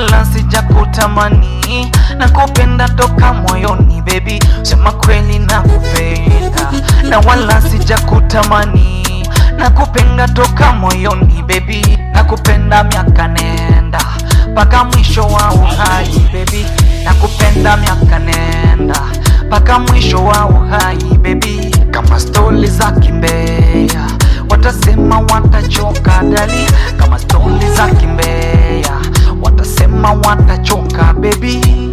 wala kutamani na kupenda toka moyoni baby, sema kweli na kupenda na wala sija kutamani na kupenda toka moyoni baby, na kupenda miaka nenda paka mwisho wa uhai baby, na kupenda miaka nenda paka mwisho wa uhai baby, kama stori za Kimbea watasema watachoka dali, kama stori za Kimbea that choka baby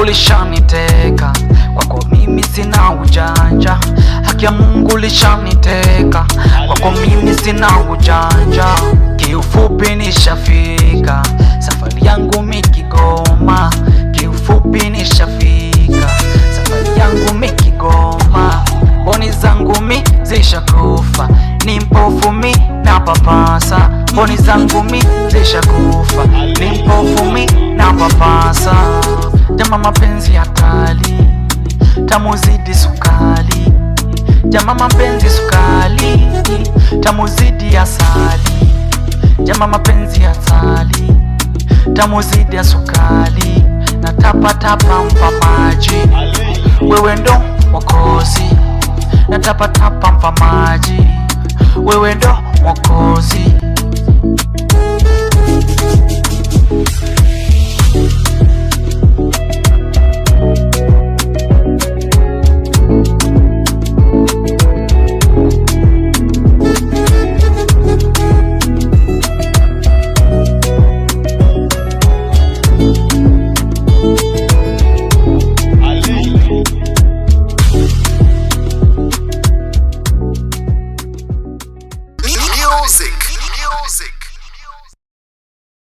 Mungu lishaniteka, kwako mimi sina ujanja. Haki ya Mungu lishaniteka, kwako mimi sina ujanja. Kiufupi nishafika, safari yangu mikigoma. Kiufupi nishafika, safari yangu mikigoma. Boni zangu mi zishakufa, ni mpofu mi na papasa. Boni zangu mi zishakufa, ni mpofu mi na papasa kama mapenzi kali tamuzidi sukali, jama mapenzi sukali tamuzidi asali, jama mapenzi sali tamuzidi ya sukali, na tapatapa mpa maji, wewe ndo mokozi na tapatapa mpa maji, wewe ndo mwokozi.